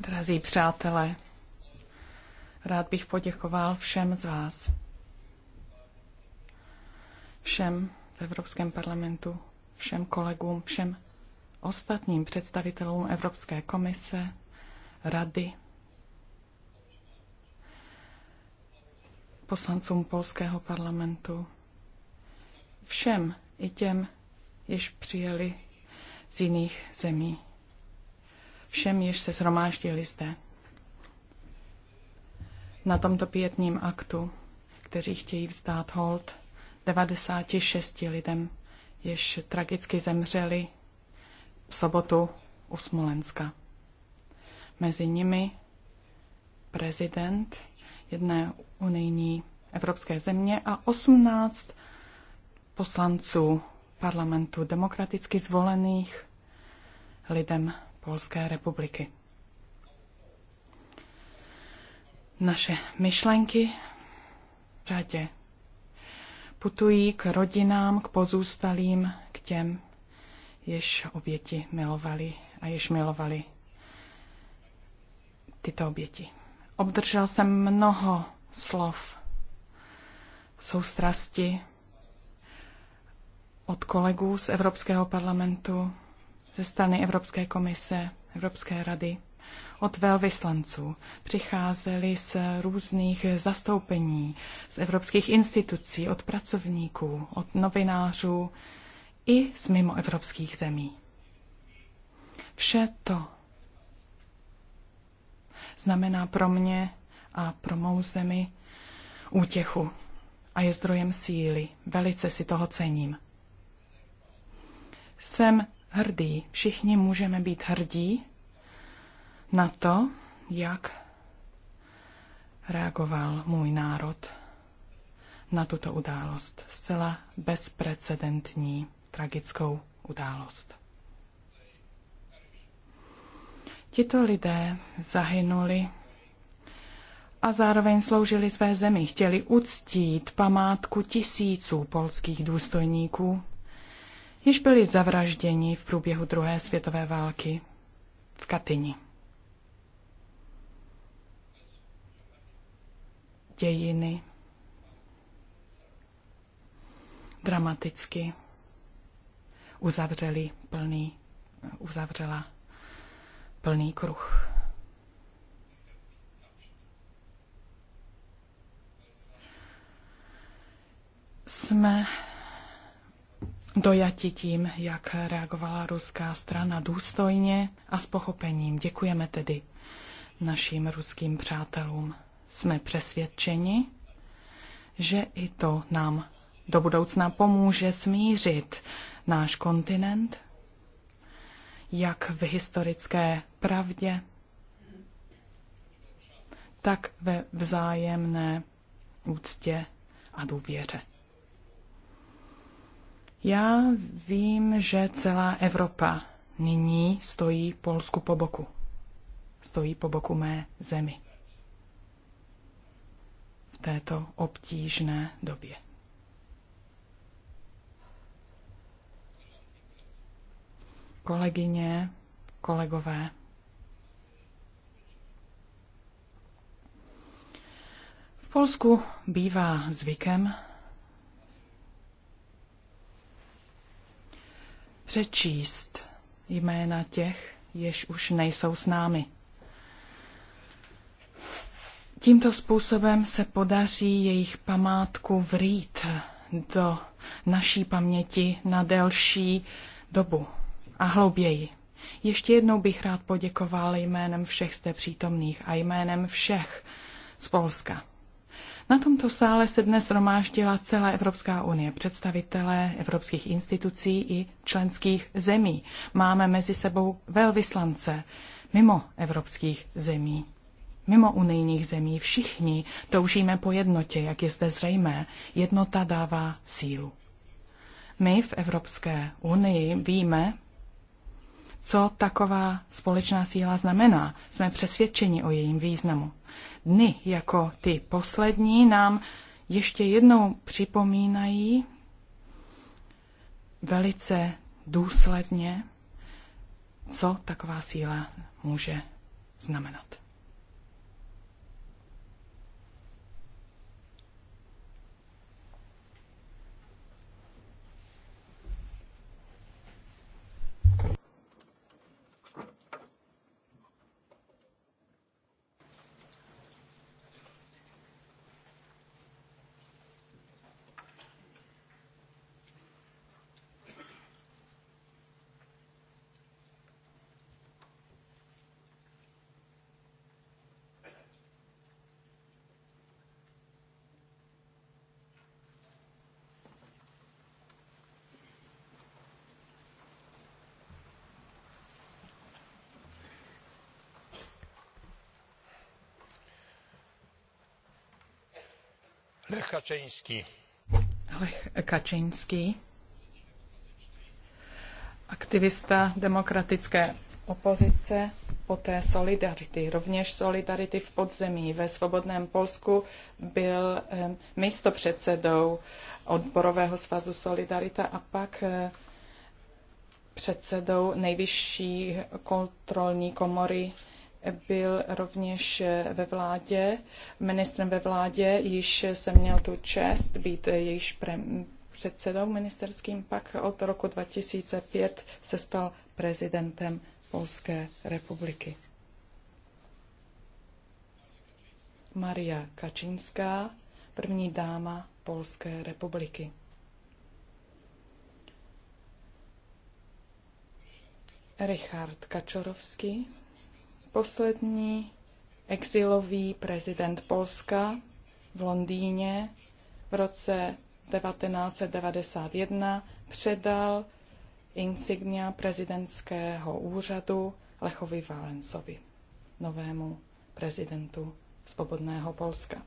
Drazí přátelé, rád bych poděkoval všem z vás. Všem v Evropském parlamentu, všem kolegům, všem ostatním představitelům Evropské komise, rady, poslancům polského parlamentu, všem i těm, jež přijeli z jiných zemí všem, již se shromáždili zde na tomto pětním aktu, kteří chtějí vzdát hold 96 lidem, jež tragicky zemřeli v sobotu u Smolenska. Mezi nimi prezident jedné unijní evropské země a 18 poslanců parlamentu demokraticky zvolených lidem Polské republiky. Naše myšlenky v řadě putují k rodinám, k pozůstalým, k těm, jež oběti milovali a jež milovali tyto oběti. Obdržel jsem mnoho slov soustrasti od kolegů z Evropského parlamentu, ze strany Evropské komise, Evropské rady, od velvyslanců. Přicházeli z různých zastoupení, z evropských institucí, od pracovníků, od novinářů i z mimoevropských zemí. Vše to znamená pro mě a pro mou zemi útěchu a je zdrojem síly. Velice si toho cením. Jsem hrdý. Všichni můžeme být hrdí na to, jak reagoval můj národ na tuto událost. Zcela bezprecedentní tragickou událost. Tito lidé zahynuli a zároveň sloužili své zemi. Chtěli uctít památku tisíců polských důstojníků, již byli zavražděni v průběhu druhé světové války v Katyni. Dějiny dramaticky uzavřeli plný, uzavřela plný kruh. Jsme dojati tím, jak reagovala ruská strana důstojně a s pochopením. Děkujeme tedy našim ruským přátelům. Jsme přesvědčeni, že i to nám do budoucna pomůže smířit náš kontinent, jak v historické pravdě, tak ve vzájemné úctě a důvěře. Já vím, že celá Evropa nyní stojí Polsku po boku. Stojí po boku mé zemi. V této obtížné době. Kolegyně, kolegové, v Polsku bývá zvykem, přečíst jména těch, jež už nejsou s námi. Tímto způsobem se podaří jejich památku vrít do naší paměti na delší dobu a hlouběji. Ještě jednou bych rád poděkoval jménem všech zde přítomných a jménem všech z Polska. Na tomto sále se dnes romáždila celá Evropská unie, představitelé evropských institucí i členských zemí. Máme mezi sebou velvyslance mimo evropských zemí. Mimo unijních zemí všichni toužíme po jednotě, jak je zde zřejmé. Jednota dává sílu. My v Evropské unii víme, co taková společná síla znamená. Jsme přesvědčeni o jejím významu dny jako ty poslední nám ještě jednou připomínají velice důsledně, co taková síla může znamenat. Kaczyński. Lech Kaczyńský, aktivista demokratické opozice, poté Solidarity, rovněž Solidarity v podzemí ve Svobodném Polsku, byl místopředsedou odborového svazu Solidarita a pak eh, předsedou nejvyšší kontrolní komory byl rovněž ve vládě, ministrem ve vládě, již jsem měl tu čest být již pre, předsedou ministerským, pak od roku 2005 se stal prezidentem Polské republiky. Maria Kačinská, první dáma Polské republiky. Richard Kačorovský, poslední exilový prezident Polska v Londýně v roce 1991 předal insignia prezidentského úřadu Lechovi Valencovi, novému prezidentu Svobodného Polska.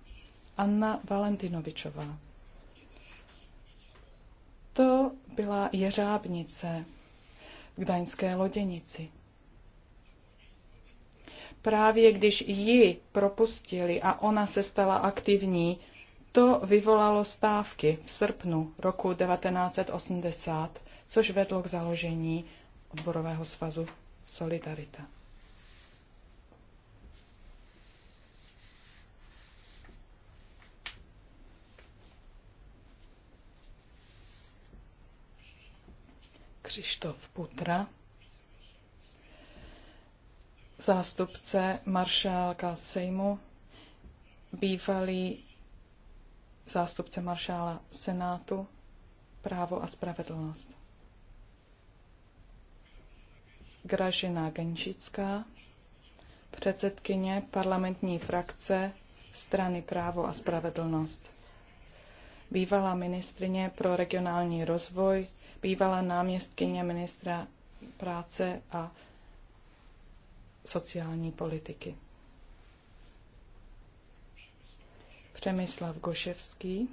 Anna Valentinovičová. To byla jeřábnice v Gdaňské loděnici právě když ji propustili a ona se stala aktivní, to vyvolalo stávky v srpnu roku 1980, což vedlo k založení odborového svazu Solidarita. Krzysztof Putra zástupce maršálka Sejmu, bývalý zástupce maršála Senátu, právo a spravedlnost. Gražina Genčická, předsedkyně parlamentní frakce strany právo a spravedlnost. Bývalá ministrině pro regionální rozvoj, bývalá náměstkyně ministra práce a sociální politiky. Přemyslav Goševský,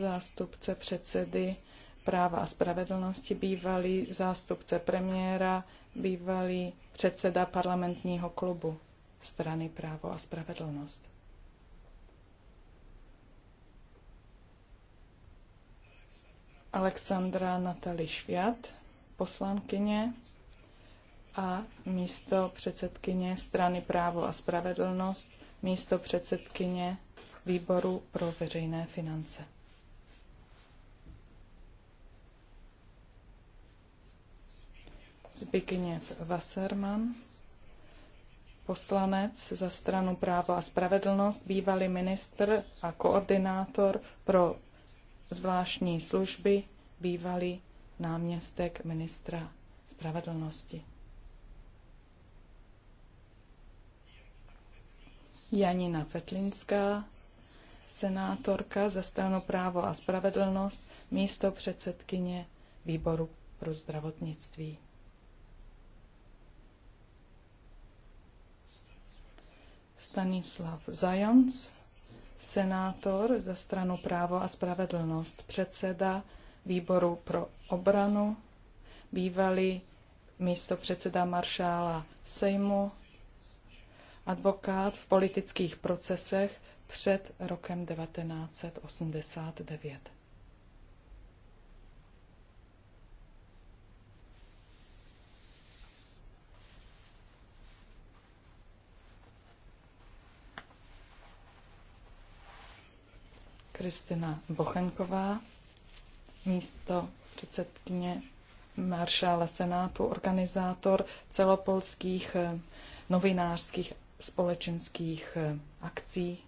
zástupce předsedy práva a spravedlnosti, bývalý zástupce premiéra, bývalý předseda parlamentního klubu strany právo a spravedlnost. Alexandra Natali Šviat, poslankyně a místo předsedkyně strany právo a spravedlnost, místo předsedkyně výboru pro veřejné finance. Zbigněv Wasserman, poslanec za stranu právo a spravedlnost, bývalý ministr a koordinátor pro zvláštní služby, bývalý náměstek ministra spravedlnosti. Janina Fetlinská, senátorka ze stranu právo a spravedlnost, místo předsedkyně výboru pro zdravotnictví. Stanislav Zajonc, senátor ze stranu právo a spravedlnost, předseda výboru pro obranu, bývalý místo předseda maršála Sejmu advokát v politických procesech před rokem 1989. Kristina Bochenková, místo předsedkyně maršála Senátu, organizátor celopolských eh, novinářských společenských eh, akcí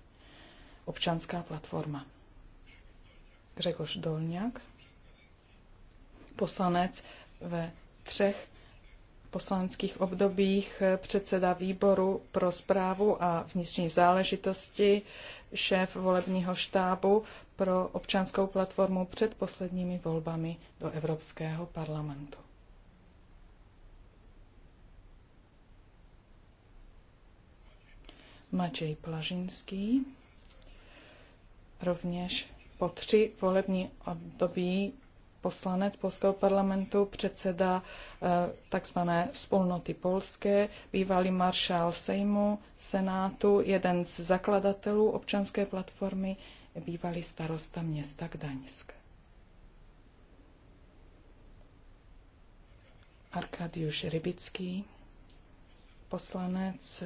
Občanská platforma. Gregor Dolňák, poslanec ve třech poslaneckých obdobích, eh, předseda výboru pro zprávu a vnitřní záležitosti, šéf volebního štábu pro občanskou platformu před posledními volbami do Evropského parlamentu. Maciej Plažinský. Rovněž po tři volební období poslanec Polského parlamentu, předseda eh, tzv. spolnoty polské, bývalý maršál Sejmu, Senátu, jeden z zakladatelů občanské platformy, bývalý starosta města Gdaňsk. Arkadiusz Rybický, poslanec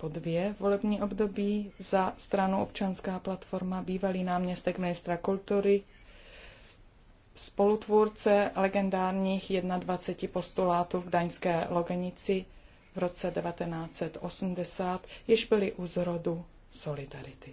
po dvě volební období za stranu Občanská platforma, bývalý náměstek ministra kultury, spolutvůrce legendárních 21 postulátů v Daňské Logenici v roce 1980, již byli u zrodu solidarity.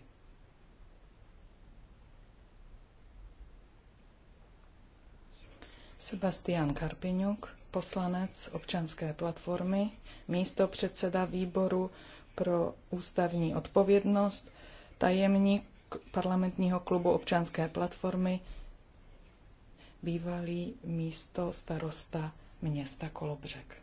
Sebastian Karpiňuk, poslanec občanské platformy, místo předseda výboru pro ústavní odpovědnost, tajemník parlamentního klubu občanské platformy, bývalý místo starosta města Kolobřek.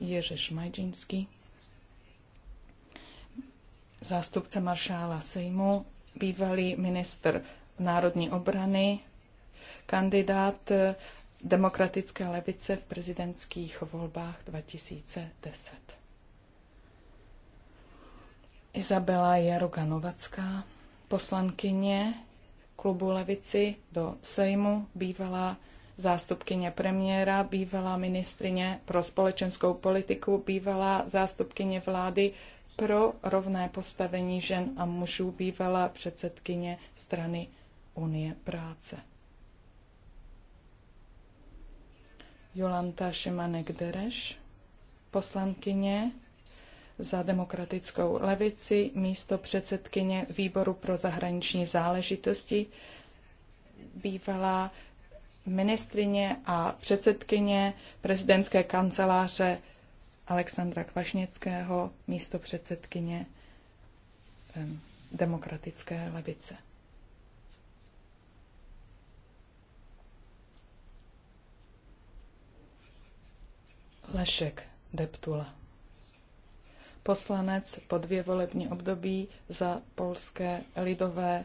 Ježe Šmajdžinský, zástupce maršála Sejmu bývalý ministr národní obrany, kandidát eh, demokratické levice v prezidentských volbách 2010. Izabela Jaroganovacká, poslankyně klubu Levici do Sejmu, bývalá zástupkyně premiéra, bývalá ministrině pro společenskou politiku, bývalá zástupkyně vlády pro rovné postavení žen a mužů bývala předsedkyně strany Unie práce. Jolanta Šimanek-Dereš, poslankyně za demokratickou levici, místo předsedkyně výboru pro zahraniční záležitosti, bývalá ministrině a předsedkyně prezidentské kanceláře Alexandra Kvašnického, místo předsedkyně demokratické levice. Lešek Deptula. Poslanec po dvě volební období za polské lidové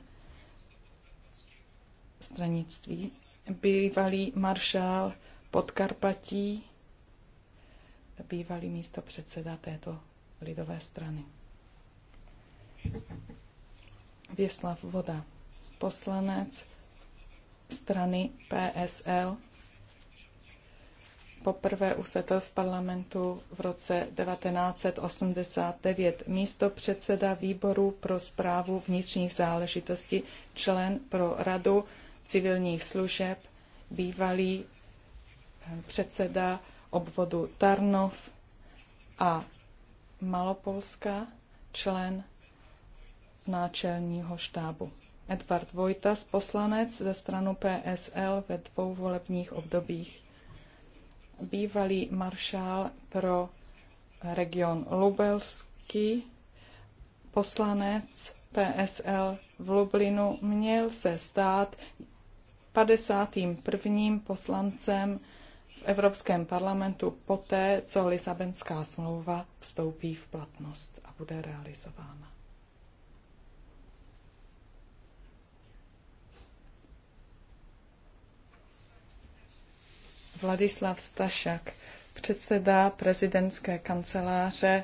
stranictví, bývalý maršál Podkarpatí bývalý místo předseda této lidové strany. Věslav Voda, poslanec strany PSL, poprvé usedl v parlamentu v roce 1989 místo předseda výboru pro zprávu vnitřních záležitostí, člen pro radu civilních služeb, bývalý eh, předseda obvodu Tarnov a Malopolska, člen náčelního štábu. Edvard Vojtas, poslanec ze stranu PSL ve dvou volebních obdobích. Bývalý maršál pro region Lubelský, poslanec PSL v Lublinu měl se stát 51. poslancem v Evropském parlamentu poté, co Lisabonská smlouva vstoupí v platnost a bude realizována. Vladislav Stašak, předseda prezidentské kanceláře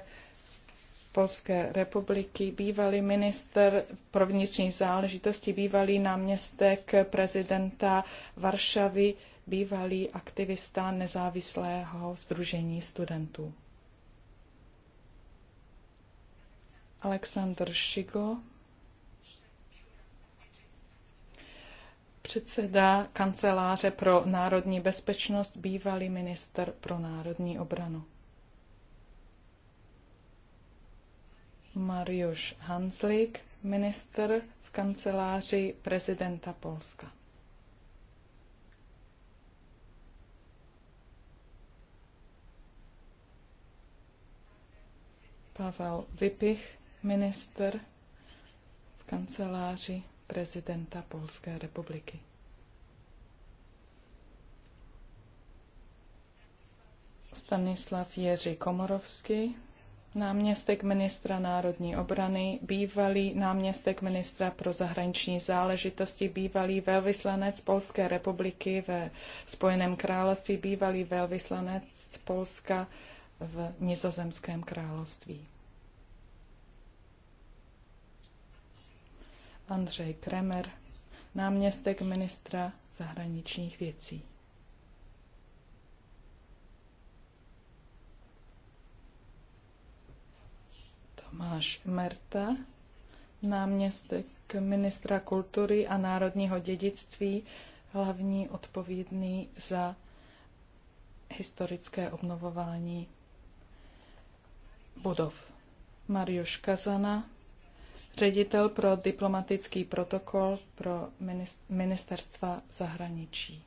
Polské republiky, bývalý minister pro vnitřní záležitosti, bývalý náměstek prezidenta Varšavy bývalý aktivista nezávislého združení studentů. Aleksandr Šigo, předseda kanceláře pro národní bezpečnost, bývalý minister pro národní obranu. Mariusz Hanslik, minister v kanceláři prezidenta Polska. Pavel Vypich, minister v kanceláři prezidenta Polské republiky. Stanislav Jeří Komorovský, náměstek ministra národní obrany, bývalý náměstek ministra pro zahraniční záležitosti, bývalý velvyslanec Polské republiky ve Spojeném království, bývalý velvyslanec Polska v Nizozemském království. Andřej Kremer, náměstek ministra zahraničních věcí. Tomáš Merta, náměstek ministra kultury a národního dědictví, hlavní odpovědný za historické obnovování budov. Mariusz Kazana, ředitel pro diplomatický protokol pro ministerstva zahraničí.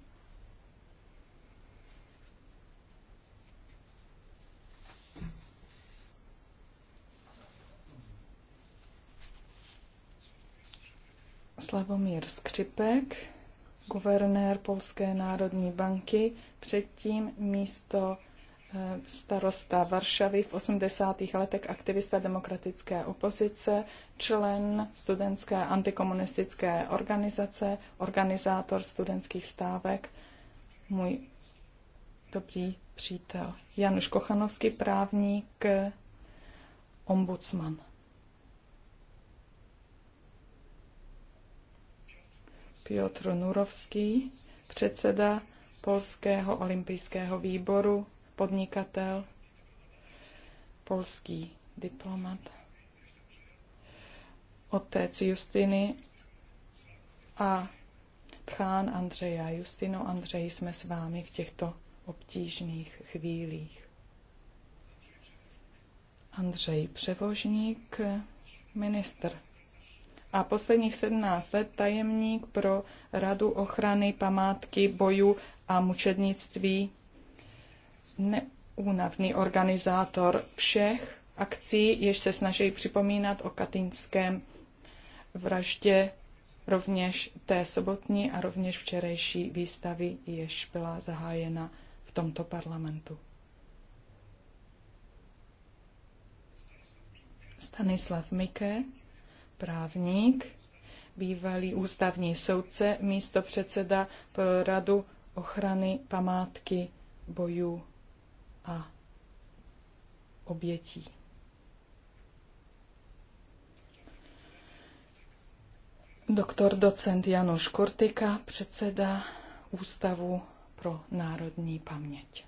Slavomír Skřipek, guvernér Polské národní banky, předtím místo starosta Varšavy v 80. letech aktivista demokratické opozice, člen studentské antikomunistické organizace, organizátor studentských stávek, můj dobrý přítel. Januš Kochanovský, právník, ombudsman. Piotr Nurovský, předseda Polského olympijského výboru, podnikatel, polský diplomat, otec Justiny a tchán Andřeja. Justino Andřej jsme s vámi v těchto obtížných chvílích. Andřej Převožník, ministr a posledních 17 let tajemník pro Radu ochrany památky bojů a mučednictví neúnavný organizátor všech akcí, jež se snaží připomínat o katinském vraždě rovněž té sobotní a rovněž včerejší výstavy, jež byla zahájena v tomto parlamentu. Stanislav Mike, právník, bývalý ústavní soudce, místo předseda pro Radu ochrany památky bojů a obětí. Doktor docent Janoš Kortika, předseda Ústavu pro národní paměť.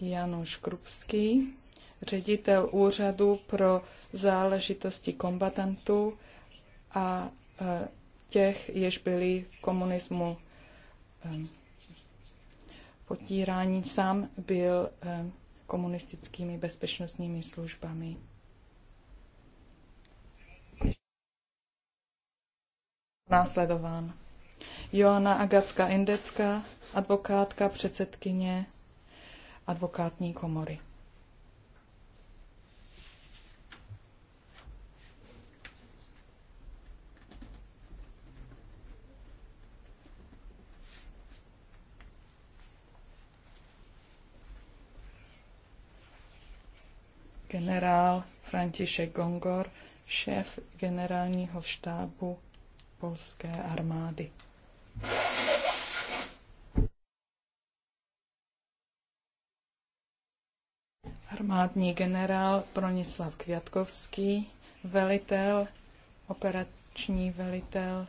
Janoš Krupský, ředitel Úřadu pro záležitosti kombatantů a e, těch, jež byli v komunismu potírání. Sám byl eh, komunistickými bezpečnostními službami. Následován. Joana Agacka Indecka, advokátka, předsedkyně advokátní komory. generál František Gongor, šéf generálního štábu polské armády. Armádní generál Bronislav Květkovský, velitel, operační velitel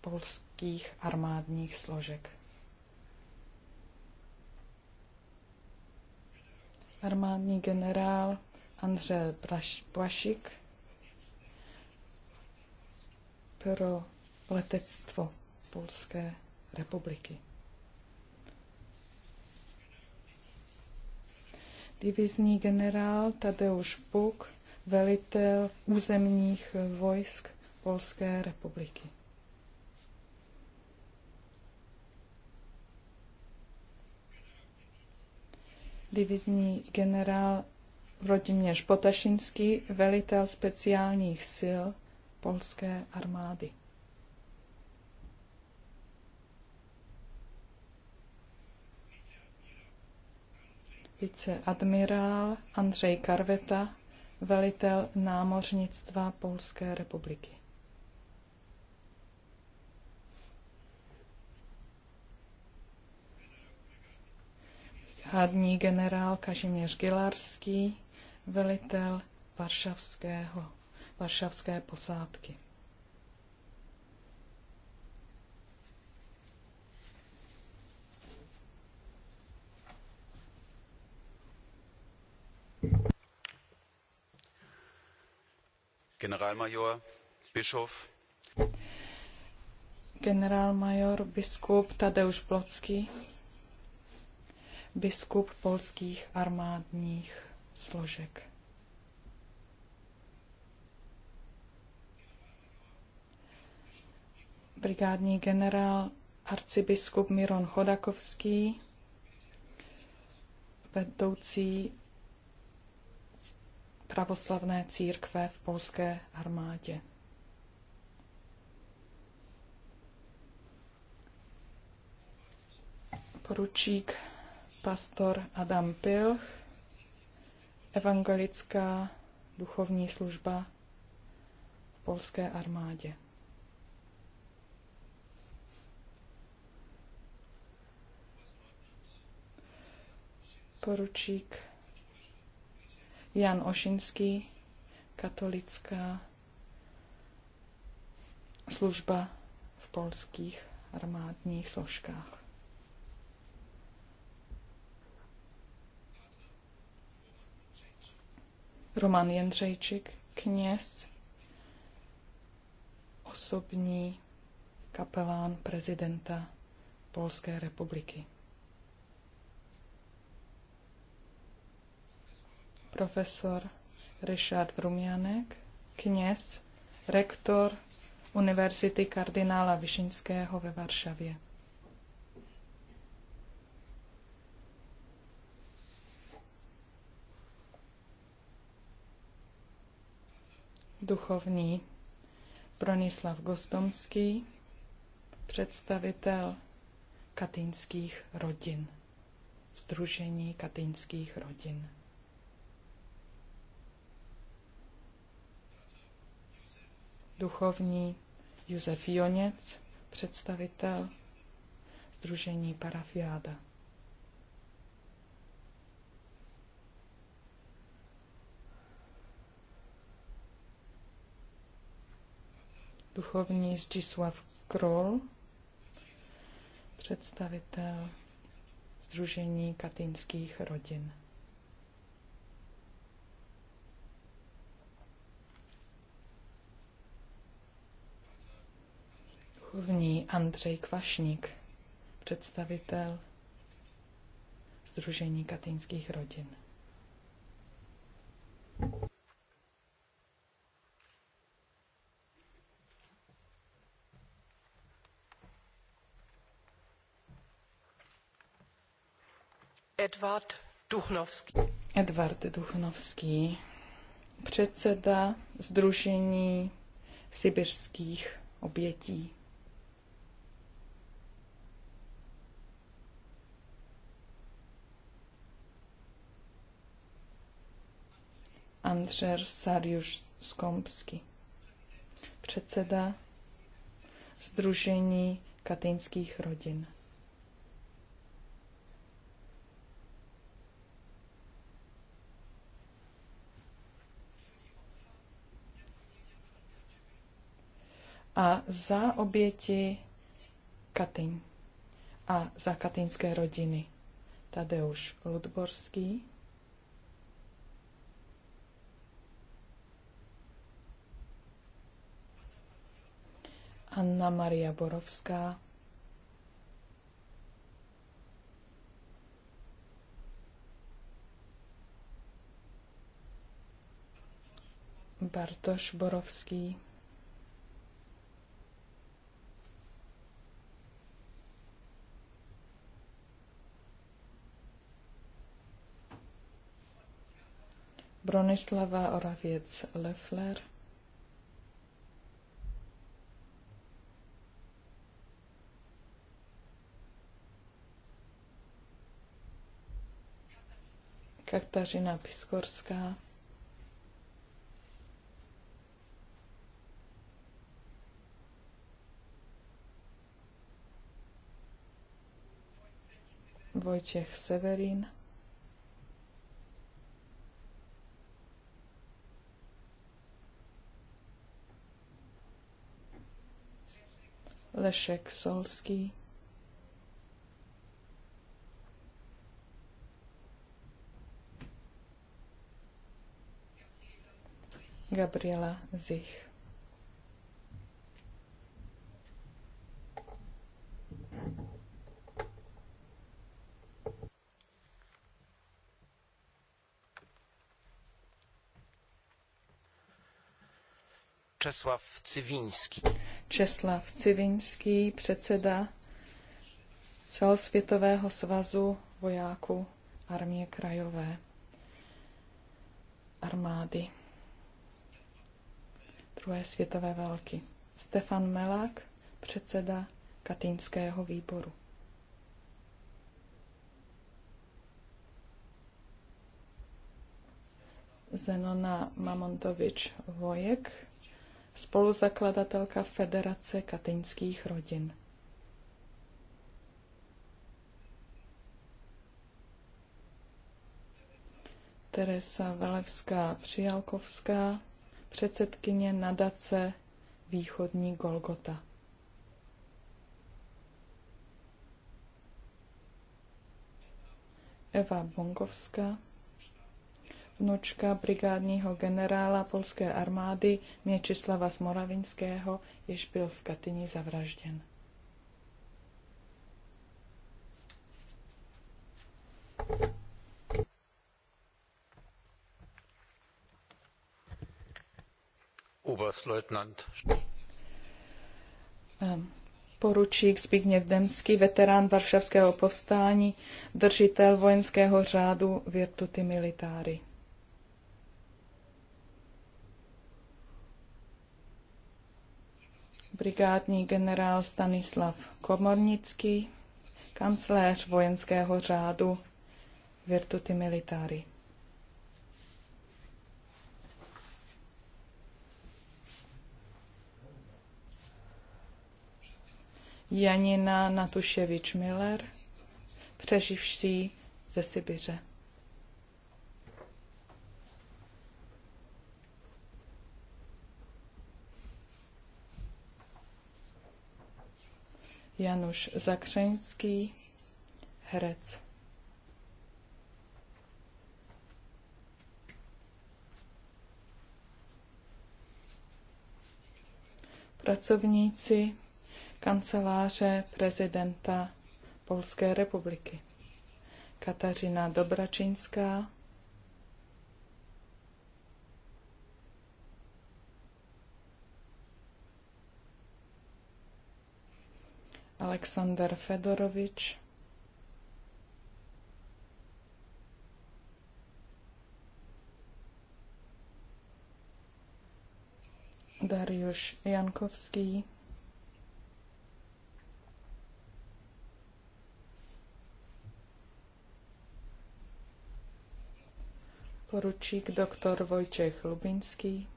polských armádních složek. armádní generál Andře Plašik pro letectvo Polské republiky. Divizní generál Tadeusz Puk, velitel územních vojsk Polské republiky. divizní generál Vladimír Potašinský, velitel speciálních sil polské armády. viceadmirál Andřej Karveta, velitel námořnictva Polské republiky. hádní generál Kažiměř Gilarský, velitel varšavského, varšavské posádky. Generálmajor, bischof. Generálmajor, biskup Tadeusz Blocký, biskup polských armádních složek. Brigádní generál arcibiskup Miron Chodakovský, vedoucí pravoslavné církve v polské armádě. Poručík pastor Adam Pilch, evangelická duchovní služba v polské armádě. Poručík Jan Ošinský, katolická služba v polských armádních složkách. Roman Jendřejčik, kněz, osobní kapelán prezidenta Polské republiky. Profesor Richard Rumianek, kněz, rektor Univerzity kardinála Višinského ve Varšavě. duchovní Bronislav Gostomský, představitel katinských rodin, Združení katinských rodin. Duchovní Josef Joněc, představitel Združení Parafiáda. duchovní Zdislav Krol, představitel Združení katinských rodin. Duchovní Andřej Kvašník, představitel Združení katinských rodin. Edvard Duchnovský. Edvard Duchnovský, předseda Združení sibirských obětí. Andřer Sarjuš Skomsky, předseda Združení katinských rodin. a za oběti Katyn a za katynské rodiny. Tadeusz Ludborský, Anna Maria Borovská, Bartoš Borovský, Bronislava Oravěc Leffler. Kaktařina Piskorská. Vojtěch Severín. Lešek Solský. Gabriela Zich. Czesław Cywiński. Česlav Civinský, předseda celosvětového svazu vojáků armie krajové armády druhé světové války. Stefan Melák, předseda Katýnského výboru. Zenona Mamontovič Vojek, spoluzakladatelka Federace katyňských rodin. Teresa Velevská Přijalkovská, předsedkyně nadace Východní Golgota. Eva Bonkovská, vnučka brigádního generála polské armády Měčislava Smoravinského, jež byl v Katyni zavražděn. Oberstleutnant. Ehm, poručík Zbigněv Demský, veterán Varšavského povstání, držitel vojenského řádu Virtuti Militari. brigádní generál Stanislav Komornický, kancléř vojenského řádu Virtuti Militari. Janina Natuševič Miller, přeživší ze Sibiře. Januš Zakřeňský, herec. Pracovníci kanceláře prezidenta Polské republiky. Katařina Dobračinská, Aleksandr Fedorovič. Dariusz Jankowski. Poručík doktor Vojtěch Lubinský.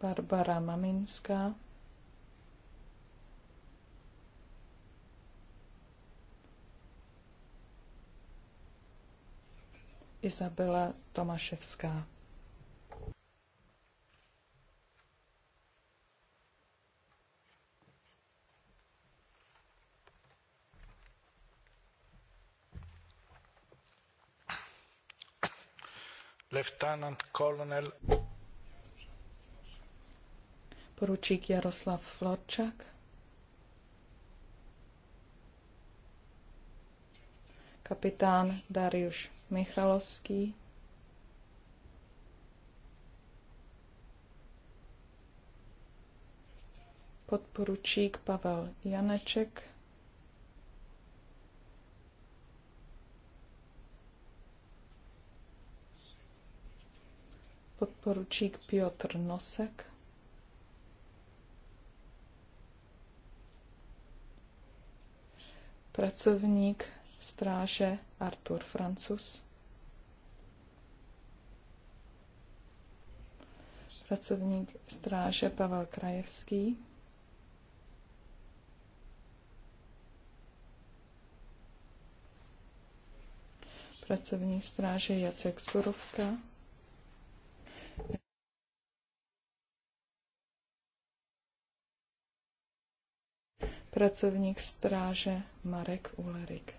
Barbara Maminská. Izabela Tomaševská. Lieutenant Colonel poručík Jaroslav Florčak. kapitán Darius Michalovský, podporučík Pavel Janeček, podporučík Piotr Nosek, pracovník stráže Artur Francus, pracovník stráže Pavel Krajevský, pracovník stráže Jacek Surovka, pracovník stráže Marek Ulerik.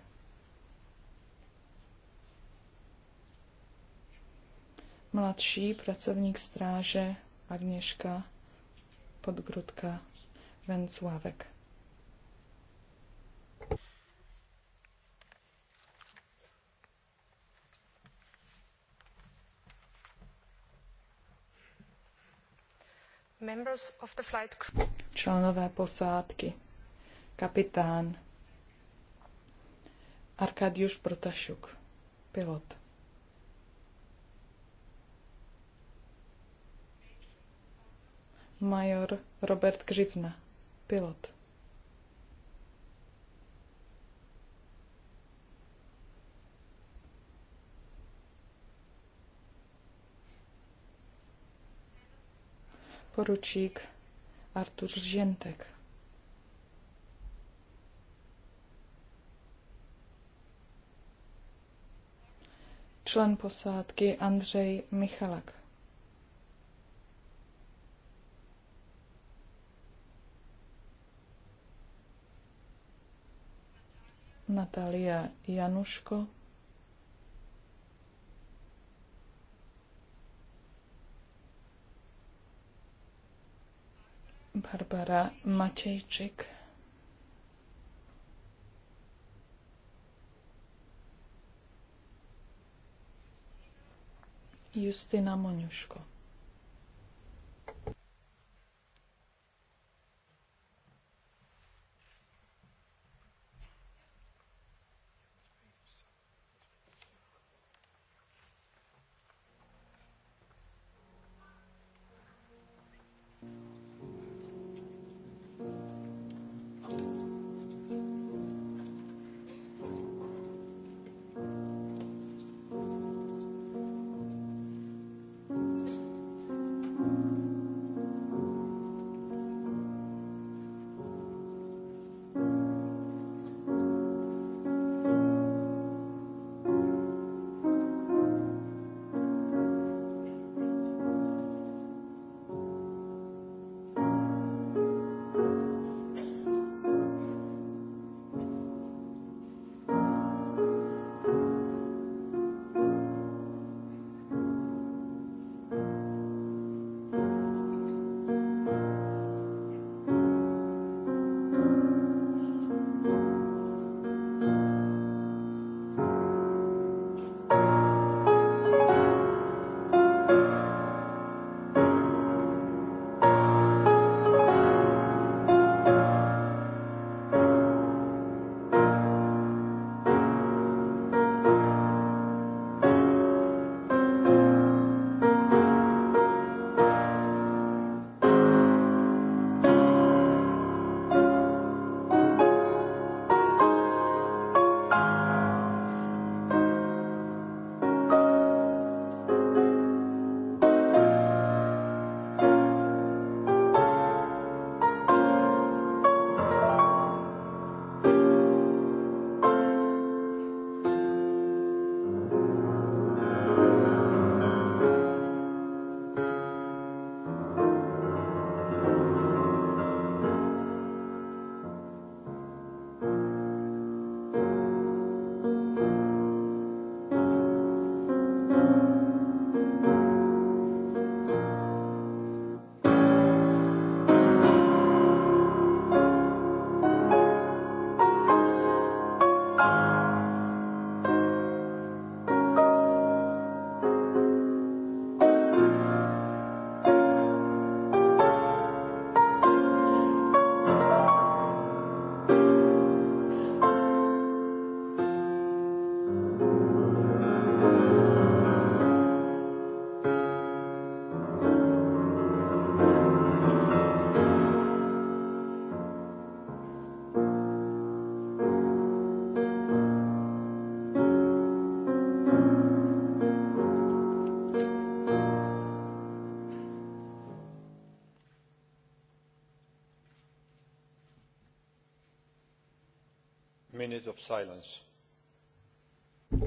Mladší pracovník stráže Agněška Podgrudka Venclavek. Členové posádky kapitán Arkadiusz Protašuk, pilot. Major Robert Křivna, pilot. Poručík Artur Žentek, člen posádky Andřej Michalak. Natalia Januško. Barbara Mačejčik. Justina Moňuško.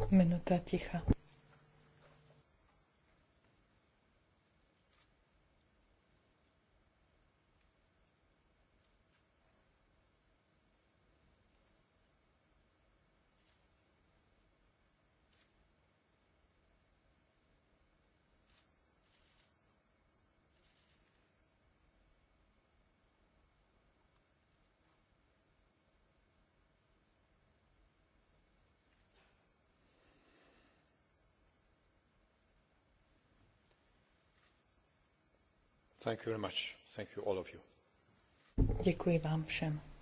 Minuta ticha. Thank you very much. Thank you all of you. Děkuji vám všem.